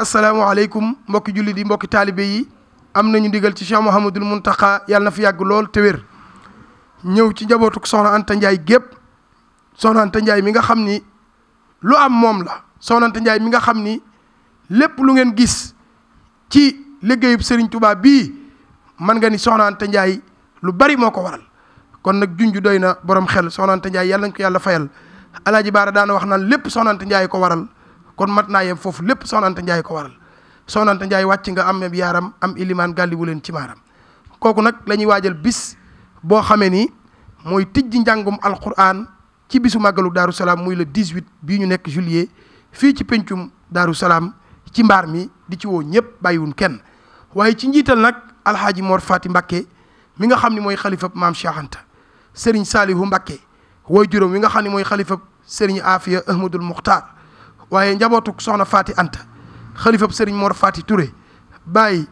asalaamaaleykum mbokki jullit yi mbokki taalibe yi am na ñu digal ci Cheikh Mouhamadul Mountakha yàlla na fi yàgg lool te wér ñëw ci njabootuk soxna Anta Ndiaye gépp soxna Anta Ndiaye mi nga xam ni lu am moom la soxna mi nga xam ni lépp lu ngeen gis ci liggéeyub Serigne Touba bii man nga ni soxna Anta lu bari moo ko waral kon nag junj doy na borom xel soxna Anta Ndiaye yàlla nañ ko yàlla fayal Alaaji Baara daana wax naan lépp soxna Anta Ndiaye ko waral kon mat naa yem foofu lépp Soxna Anta Ndiaye ko waral Soxna Anta Ndiaye wàcc nga am yaaram am ilimaan gàlli wu leen ci maaram kooku nag lañuy waajal bis boo xamee ni mooy tijji njàngum alquran ci bisu màggalu daaru salaam muy le 18 bii ñu nekk juillet fii ci pencum daaru salaam ci mbaar mi di ci woo ñëpp bàyyiwun kenn waaye ci njiital nag alxaaji Mor Fati Mbakke mi nga xam ne mooy xalifab maam Cheikh Anta Serigne Salihu Mbakke juróom wi nga xam ne mooy xalifab Serigne Afia Ahmadul Muxtaar waaye njabootuk soxna Faati Anta xalifab Serigne Mor Faati Touré bàyyi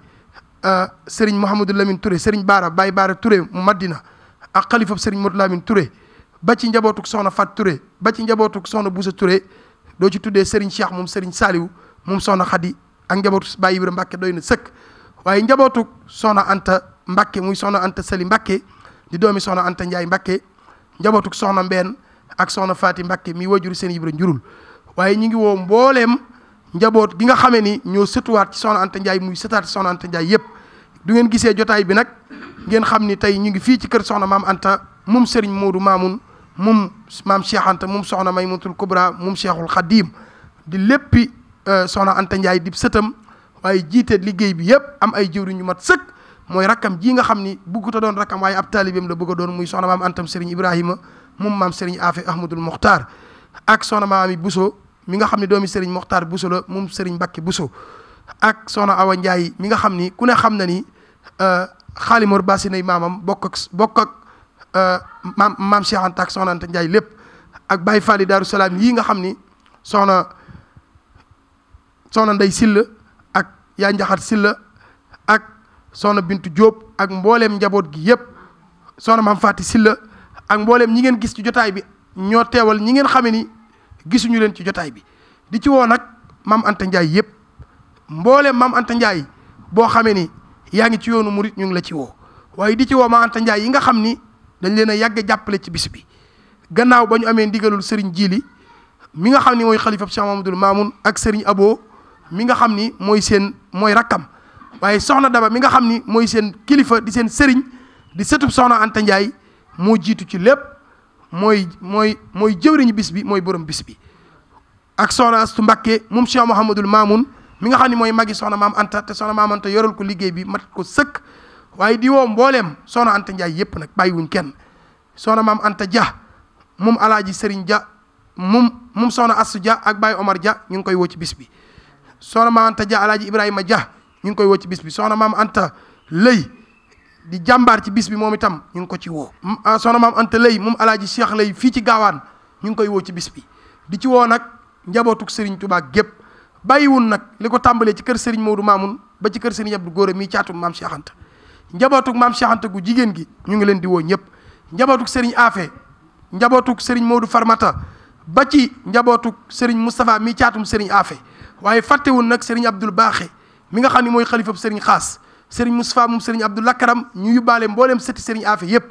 euh, Serigne Mouhamadou Lamine Touré Serigne Baara bàyyi Baara Touré mu Madina ak xalifab Serigne Modou min Touré ba ci njabootuk soxna Faati ture ba ci njabootuk soxna Boussa Touré doo ci tuddee Serigne Cheikh moom Serigne Saliou moom soxna Khady ak njabootu Baye Ibra mbakke doy na sëkk waaye njabootuk soxna Anta Mbacke muy soxna Anta Sali Mbacke di doomi soxna Anta Ndiaye Mbacke njabootuk soxna Mbène ak soxna Faati Mbacke mi wajuru seen Ibra njurul waaye ñu ngi woo mbooleem njaboot gi nga xamee ni ñoo sëtuwaat ci soxna Anta Ndiaye muy sëtaat ci soxna yëpp du ngeen gisee jotaay bi nag ngeen xam ni tey ñu ngi fii ci kër soxna maam Anta moom seriñ Modou Mamoun moom maam Cheikh Anta moom soxna Maymunatul Kubra moom Cheikhul Khadim di léppi euh, soxna Anta Ndiaye di sëtam waaye jiite liggéey bi yëpp am ay jëwriñ ñu mat sëkk mooy rakkam ji nga xam ni bëggut doon rakkam waaye ab taalibeem la bëgg a doon muy soxna maam Antam Serigne Ibrahima moom maam Serigne Afe Ahmadul Mokhtar ak soxna Maami Bousso mi nga xam ne doomi Serigne Mokhtar Bousso la moom Serigne Mbacke Bousso ak sona Awa Ndiaye mi nga xam ni ku ne xam na ni xaalimor euh, basinay maamam bokk ak bokk ak euh, maam maam Cheikh Anta ak soxna lépp ak Baye Fall Daaru yii nga xam ni soxna soxna Ndey Silla ak yaa Njaxat Silla ak sona Bintu Diop ak mboolem njaboot gi yëpp soxna maam Faati Silla ak mboolem ñi ngeen gis ci jotaay bi ñoo teewal ñi ngeen xame ni gisuñu leen ci jotaay bi di ci woo nag maam Anta Ndiaye yëpp mboolem maam Anta Ndiaye boo xamee ni yaa ngi ci yoonu murit ñu ngi la ci woo waaye di ci woo maam Anta Ndiaye yi nga xam ni dañ leen a yàgg jàppale ci bis bi gannaaw ba ñu amee ndigalul Serigne Jili mi nga xam ni mooy xalifab Cheikh Mamadou Mamoun ak Serigne Abo mi nga xam ni mooy seen mooy rakkam waaye soxna Daba mi nga xam ni mooy seen kilifa di seen Serigne di sëtub soxna Anta Ndiaye moo jiitu ci lépp. mooy mooy mooy jëwriñu bis bi mooy borom bis bi ak soxna Astu Mbàkke moom Cheikh Mouhamadul Mamoun mi nga xam ne mooy magi soxna maam Anta te soxna maam Anta yoral ko liggéey bi mat ko sëkk waaye di woo mbooleem soxna Anta Ndiaye yëpp nag bàyyiwuñ kenn soxna maam Anta Dia moom alaaji Serigne Dia moom moom soxna Assu Dia ak Baye Omar Dia ñu ngi koy woo ci bis bi soxna maam Anta Dia alaaji Ibrahima Dia ñu ngi koy woo ci bis bi soxna maam Anta Lëy di jàmbaar ci bis bi moom itam ñu ngi ko ci woo ah, soxna maam Anta Lay moom alaaji Cheikh Lay fii ci gaawaan ñu ngi koy woo ci bis bi di ci woo nag njabootug Serigne Touba gépp bàyyiwun nag li ko tàmbalee ci kër Serigne Modou Mamoun ba ci kër Serigne Abdou Gora mii caatum maam Cheikh Anta njabootug maam gu jigéen gi ñu ngi leen di woo ñëpp njabootug Serigne Afe njabootug Serigne Modou Farmata ba ci njabootug Serigne Moustapha mii caatum Serigne Afe waaye fàttewun nag Serigne Abdoul Baaxe mi nga xam ne mooy xalifab Serigne Xaas sëriñ Moustapha moom sëriñ Abdou Lakaram ñu yóbbaale mbooleem sëti sëriñ Afe yëpp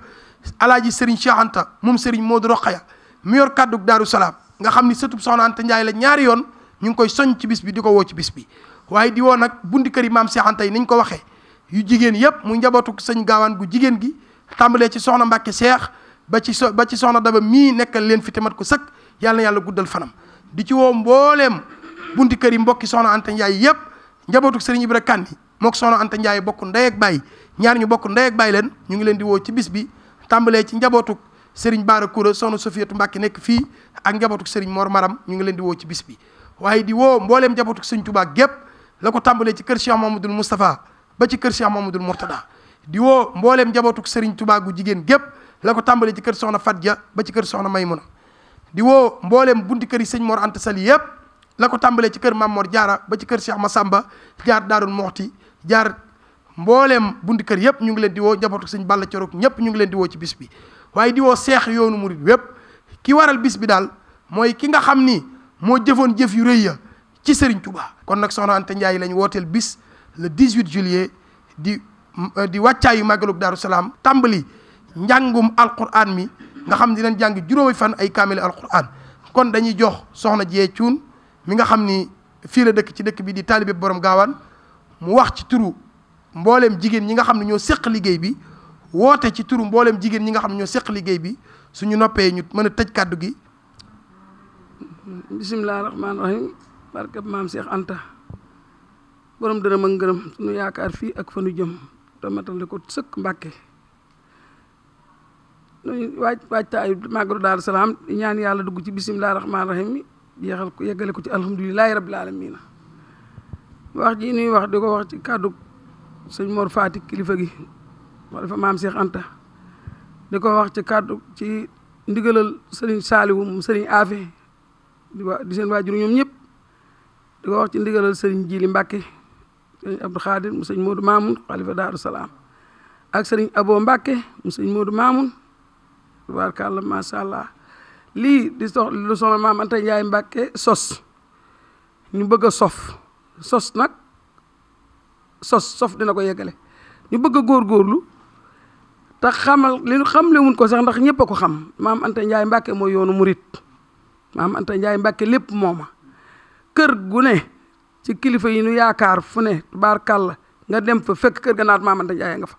alaaji sëriñ Cheikh Anta moom sëriñ Modou Rokhaya mu yor kàddug Daaru Salaam nga xam ni sëtub Soxna Anta la ñaari yoon ñu ngi koy soñ ci bis bi di ko woo ci bis bi waaye di woo nag bundi kër yi maam Cheikh Anta yi niñ ko waxee yu jigéen yëpp mu njabootu sëñ gaawaan gu jigéen gi tàmbalee ci soxna Mbàkke Cheikh ba ci so ba ci soxna Daba mii nekkal leen fi tamat ko sëkk yàlla yàlla guddal fanam di ci woo mbooleem bunti kër yi mbokki soxna Anta Ndiaye yëpp njabootu sëriñ Ibra Kan yi mook soxna Anta Ndiaye bokk ndey ak baay ñaar ñu bokk ndey ak baay leen ñu ngi leen di woo ci bis bi tàmbalee ci njabootuk Serigne Bara Koura soxna Sofiatou Mbacke nekk fii ak njabootuk Serigne moor Maram ñu ngi leen di woo ci bis bi waaye di woo mbooleem njabootuk Serigne Touba gépp la ko tàmbalee ci kër Cheikh Mamadou Moustapha ba ci kër Cheikh Mamadou Mourtada di woo mbooleem njabootuk Serigne Touba gu jigéen gépp la ko tàmbalee ci kër soxna Fadja ba ci kër soxna Maymuna di woo mbooleem bunti kër yi sëñ Mor Anta Sali yëpp la ko tàmbalee ci kër Mamor Diarra ba ci kër Cheikh samba jaar Daarul Moxti jaar mbooleem bunti kër yëpp ñu ngi leen di woo njabootu sëñ Balla Coro ñëpp ñu ngi leen di woo ci bis bi waaye di woo seex yoonu murit wépp ki waral bis bi daal mooy ki nga xam ni moo jëfoon jëf yu rëy ya ci Serigne Touba. kon nag soxna Anta Ndiaye lañ wooteel bis le 18 juillet di euh, di wàccaayu màggalub Daaru Salaam tàmbali njàngum alquran mi nga xam dinañ jàng juróomi fan ay kaamil alquran kon dañuy jox soxna Jee Cuun mi nga xam ni fii la dëkk ci dëkk bi di taalibe borom gaawaan mu wax ci turu mbooleem jigéen ñi nga xam ne ñoo séq liggéey bi woote ci turu mbooleem jigéen ñi nga xam ne ñoo séq liggéey bi suñu noppee ñu mën a tëj kàddu gi bisimilah rahmaani rahim barkab maam Cheikh Anta borom dërëm ak ngërëm suñu yaakaar fii ak fa nu jëm te matal ko sëkk mbàkke nuyu waaj waajtaayu daal Daaru Salaam ñaan yàlla dugg ci bisimilah rahmaani rahim jeexal ko yeggale ko ci alhamdulilahi rabbil alamin wax ji nuy wax di ko wax ci kàddu sëñ Mor Fatick kilifa gi moo dafa maam Cheikh Anta di ko wax ci kàddu ci ndigalal sëriñ Saaliwu mu sëriñ Afe di wa di seen waajur ñoom ñëpp di ko wax ci ndigalal sëriñ Jili Mbàkke sëriñ Abdou Khadir mu sëñ Modou Mamoun xalifa Daaru Salaam ak sëriñ Abo Mbàkke mu sëñ Modou Mamoun tabaarkàlla macha allah lii di sox lu soxna maam Anta Njaay Mbàkke sos ñu bëgg a sof sos nag sos sof dina ko yeggale ñu bëgg a góorgóorlu te xamal li ñu xamle wuñ ko sax ndax ñëpp ko xam maam Anta Ndiaye Mbacke mooy yoonu murit maam Anta Ndiaye Mbacke lépp mooma kër gune ne ci kilifa yi nu yaakaar fu ne tubaarkàlla nga dem fa fekk kër ga naat maam Anta Ndiaye nga fa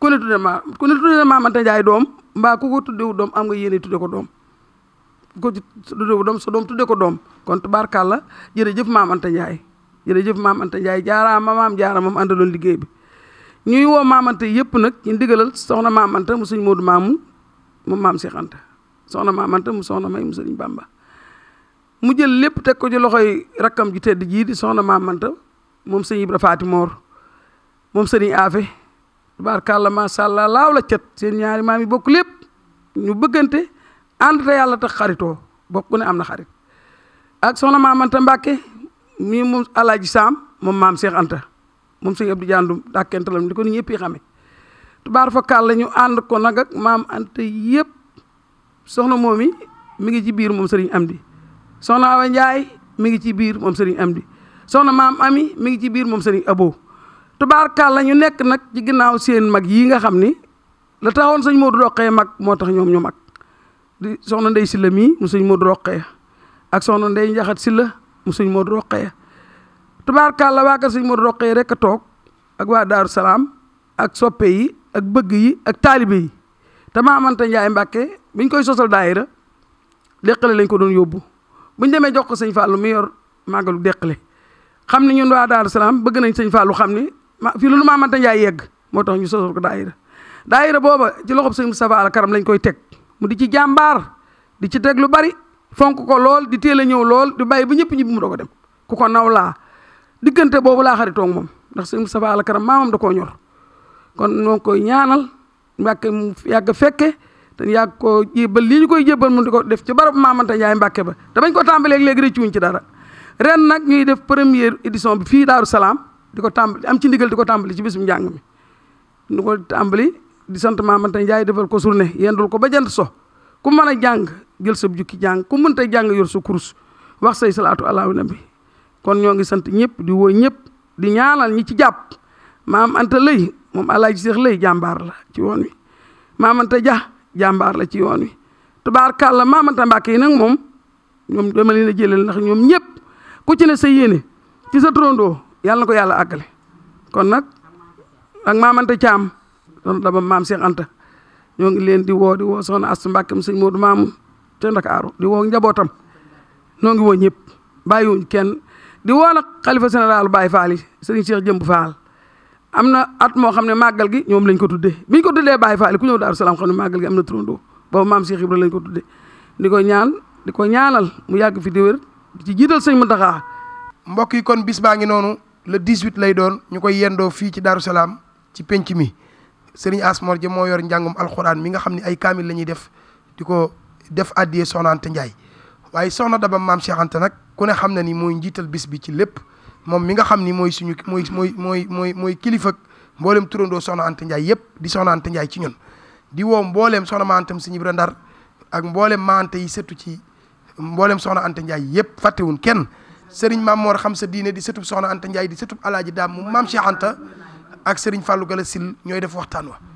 ku ne tudde ma ku ne tudde maam Anta Ndiaye doom mbaa ku ko tuddewu doom am nga yéene tudde ko doom ku ko tuddewu doom sa doom tudde ko doom kon tubaarkàlla jërëjëf maam Anta Ndiaye jërëjëf maam Anta Ndiaye jaaraama maam jaara moom àndaloon liggéey bi ñuy woo maam Anta yëpp nag ñu digalal soxna maam Anta mu sëñ Moodu Maamun moom maam Cheikh Anta soxna maam Anta mu soxna may mu sëñ Bamba mu jël lépp teg ko ci loxoy rakkam ju tedd jii di soxna maam Anta moom sëñ Ibra Faati Moor moom sëñ Afe tubaarkàlla macha allah laaw la cet seen ñaari maam yi bokk lépp ñu bëggante ànd te yàlla tax xaritoo bokk ne am na xarit ak soxna maam Anta mii moom alaaji saam moom maam Cheikh Anta moom sëñ Abdou Diandoum dàkkente la di ko ni ñëpp yi xamee tubaar fa kàll la ñu ànd ko nag maam Anta yëpp soxna moom yi ngi ci biir moom sëriñ am soxna Awa Ndiaye mi ngi ci biir moom sëriñ Amdi soxna maam Ami mi ngi ci biir moom sëriñ Abo tubaar kàll la ñu nekk nag ci ginnaaw seen mag yii nga xam ni la taxoon sëñ Modou Roqee mag moo tax ñoom ñu mag di soxna Ndey Silla mii mu sëñ Modou Roqee ak soxna Ndey Njaxat Silla mu sëñ Modou Rokhaya tubaarkàlla waa kër sëñ Modou Rokhaya rek a toog ak waa Daaru Salaam ak soppe yi ak bëgg yi ak taalibe yi te maa amante Njaay Mbàkke biñ koy sosal daayira deqale lañ ko doon yóbbu buñ demee jox ko sëñ Fallou mi yor màggalu deqale xam ne ñun waa Daaru Salaam bëgg nañ sëñ Fallou xam ni ma fii lu maa amante Njaay yegg moo tax ñu sosal ko daayira daayira booba ci loxob sëñ Moustapha Al Karam lañ koy teg mu di ci jàmbaar di ci teg lu bari fonk ko lool di teel a ñëw lool di bàyyi ba ñëpp ñibbi mu doog a dem ku ko naw laa diggante boobu laa xaritoo moom ndax sëñ Moustapha Alakaram maamam da koo ñor kon noo ko ñaanal Mbàkke mu yàgg fekke te yàgg koo jébbal lii ñu koy jébbal mu di ko def ci barab maamante Njaay Mbàkke ba te bañ ko tàmbalee léegi rëccuwuñ ci dara ren nag ñuy def première édition bi fii Daaru Salaam di ko tàmbali am ci ndigal di ko tàmbali ci bisum njàng mi di ko tàmbali di sant maamante Njaay defal ko journée yendul ko ba jant so ku mën a jàng jël sa jukki jàng ku mënta jàng yor sa kurus wax say salaatu na bi kon ñoo ngi sant ñëpp di woo ñëpp di ñaanal ñi ci jàpp maam Anta Lay moom Alaaji Seex Lay jàmbaar la ci woon wi maam Anta Dia jàmbaar la ci yoon wi tubaarkàlla maam Anta Mbàkke yi nag moom ñoom dama leen a jëleel ndax ñoom ñëpp ku ci sa yéene ci sa trondoo yàlla na ko yàlla àggale kon nag ak maam Anta Caam doon dama maam Seex Anta ñoo ngi leen di woo di woo soxna Astu Mbàkkam sëñ Moodu Maamu te Ndakaaru di woo njabootam noo ngi woo ñëpp bàyyiwuñ kenn di woo la xalifa général Baye Fall yi sëriñ Cheikh faal am na at moo xam ne màggal gi ñoom lañ ko tuddee bi ko tuddee Baye Fall ku ñoo Daaru Salaam xam ne gi am na turandoo boobu maam Cheikh Ibra lañ ko tuddee di ko ñaan di ko ñaanal mu yàgg fi di wér ci jiital sëñ Muntaxa mbokk yi kon bis baa ngi noonu le 18 lay doon ñu koy yendoo fii ci Daaru Salaam ci penc mi sëriñ Asmor ja moo yor njàngum alxuraan mi nga xam ne ay kaamil la ñuy def di ko def addiyee soxna Anta Ndiaye waaye soxna Daba maam Cheikh Anta nag ku ne xam na ni mooy njiital bis bi ci lépp moom mi nga xam ni mooy suñu mooy mooy mooy mooy kilifa mboolem turandoo soxna Anta Ndiaye yëpp di soxna Anta Ndiaye ci ñun di woo mbooleem soxna ma antam suñu Ibra Ndar ak mboolem ma anta yi sëtu ci mboolem soxna Anta Ndiaye yëpp fàttewun kenn seriñ Maam Mor xam sa diine di sëtub soxna Anta Ndiaye di sëtub alaaji daam maam Cheikh Anta ak Serigne gala Galassine ñooy def waxtaan wa